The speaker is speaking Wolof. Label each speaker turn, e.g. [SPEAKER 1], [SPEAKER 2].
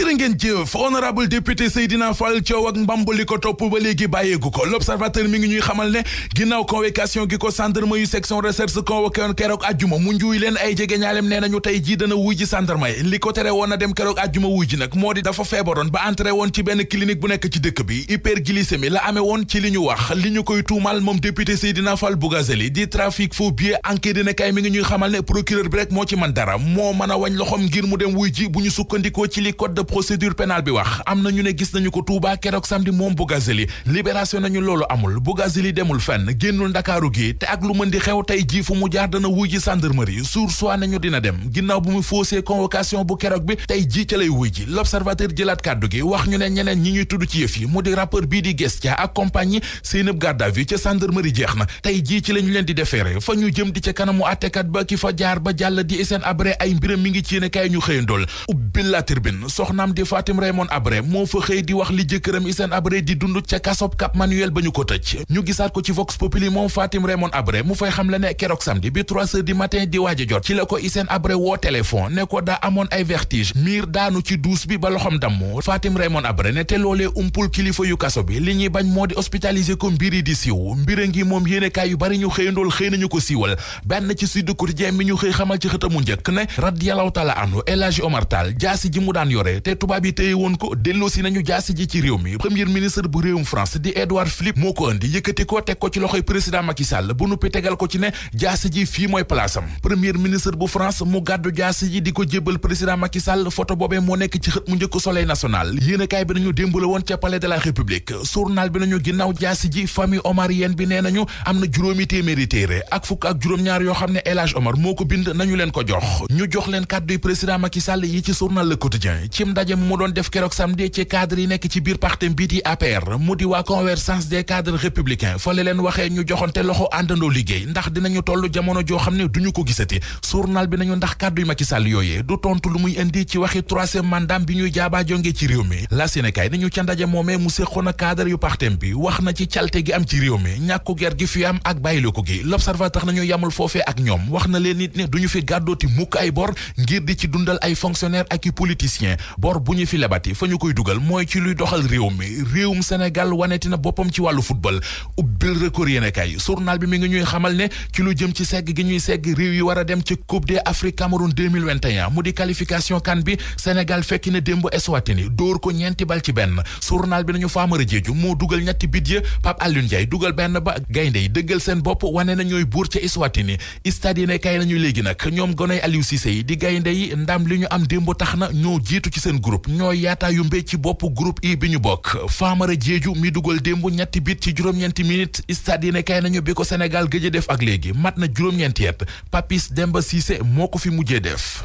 [SPEAKER 1] jërë ngeen jëf honorable député Seydina Fall coow ak mbambali ko topp ba léegi bàyyeegu ko l'observateur mi ngi ñuy xamal ne ginnaaw convocation gi ko gendarme yu section recherche convoqué woon keroog ajjuma mu njuuy leen ay jege ñaalem nee nañu tey jii dana wuy yi li tere woon na dem keroog ajjuma wuy nag moo di dafa feebaroon ba entré woon ci benn clinique bu nekk ci dëkk bi hyperglycémie la amee woon ci li ñu wax li ñu koy tuumal moom député Seydina Fall Bougazeli di trafic faux billets enquête dina kay mi moo procédure pénale bi wax am na ñu ne gis nañu ko Touba keroog samedi moom Bougazeli libération nañu loolu amul Bougazeli demul fenn génnul ndakaaru gi te ak lu mën di xew tey jii fu mu jaar dana wuy ji gendarmerie suur soit nañu dina dem ginnaaw bu mu faussé convocation bu keroog bi tey jii ca lay wuy ji l'observateur jëlaat kàddu gi wax ñu ne ñeneen ñi ñuy tudd ci yëf yi mu di rappeur bii di Gestia ak compagnie seen ab garde à vue ca gendarmerie jeex na tey jii ci leen di defeere fa ñu jëm di ca kanamu àttekat ba ki fa jaar ba jàll di Hissène Habré ay mbiram mi ngi ci yéene kaay ñu xëyandool ubbil la tribune soxnaam di Fatim Raymond Abré moo fa xëy di wax li jëkkëram Hissène Abré di dund ca kasob Cap ba ñu ko tëj ñu gisaat ko ci Vox Populi moom Fatim Raymond Abré mu fay xam la ne keroog samedi bi trois heures du matin di waaj a jot ci la ko Hissène Abré woo téléphone ne ko daa amoon ay vertige miir daanu ci duus bi ba loxom dammu Fatim Raymond Abré ne te loolee umpul kilifa yu kaso bi li ñuy bañ moo di hospitalisé ko mbiri di siiw mbira ngi moom yéenekaay yu bari ñu xëyandool xëy nañu ko siiwal benn ci Sud Quotidien mi ñu xëy daan yore te tubaab yi téye woon ko delloosi nañu jaasi ji ci réew mi premier ministre bu réewum France di Édouard Philippe moo ko indi yëkkati ko teg ko ci loxoy président Macky Sall bu nuppi tegal ko ci ne jaasi ji mooy place am premier ministre bu France mu gàddu jaasi di ko jébbal président Macky Sall photo boobee moo nekk ci xët mu njëkk soleil national yéenekaay bi nañu démb la woon ca palais de la république journal bi nañu ginnaaw jaasi ji bi nee nañu am na juróomi téeméeri téere ak fukk ak juróom-ñaar yoo xam ne El Hadj Omar moo ko bind nañu leen ko jox jox leen kàdduy président Macky Sall yi ci journal Le Quotidien mboolem ndaje mu doon def keroog samedi ci cadre yi nekk ci biir partem bii di APR mu di waa convergence des cadres républicains fa la leen waxee ñu joxante loxo àndandoo liggéey ndax dinañu toll jamono joo xam ne duñu ko gisati journal bi nañu ndax kàdduy Macky Sall yooyee du tontu lu muy indi ci waxi troisième mandat bi ñuy jaabaa jonge ci réew mi la Sénégal nañu ca ndaje moomee mu séqoon a cadre yu partem bi wax na ci calte gi am ci réew mi ñàkku ger gi fi am ak bàyyiloo ko gi l'observateur nañu yamul foofee ak ñoom wax na leen nit duñu fi gàddooti mukk ay bor ngir di ci dundal ay fonctionnaire ak i bor bu ñu fi lebati fa ñu koy dugal mooy ci luy doxal réew mi réewum Sénégal waneti na boppam ci wàllu football ubbil record yéene kay journal bi mi ngi ñuy xamal ne ci lu jëm ci segg gi ñuy segg réew yi war a dem ci Coupe d'Afrique Cameroun 2021 mu di qualification CAN bi Sénégal fekki na démb Eswatini dóor ko ñeenti bal ci benn journal bi nañu Famara Diédhiou moo dugal ñetti bit ya Pape Alioune Ndiaye dugal benn ba gaynde yi dëggal seen bopp wane na ñooy buur ca Eswatini stade yéene kay nañu léegi nag ñoom gonay Aliou Cissé yi di gaynde ndam li ñu am démb tax na ñoo jiitu ci seen groupe ñoo yaataayu mbéy ci bopp groupe i bi ñu bokk Famara Diédhiou mi dugal démb ñetti bit ci juróom-ñeenti minutes stade yi ne kay nañu bi ko Sénégal gëj def ak léegi mat na juróom-ñeenti yet Papis Demba Cissé moo ko fi mujjee def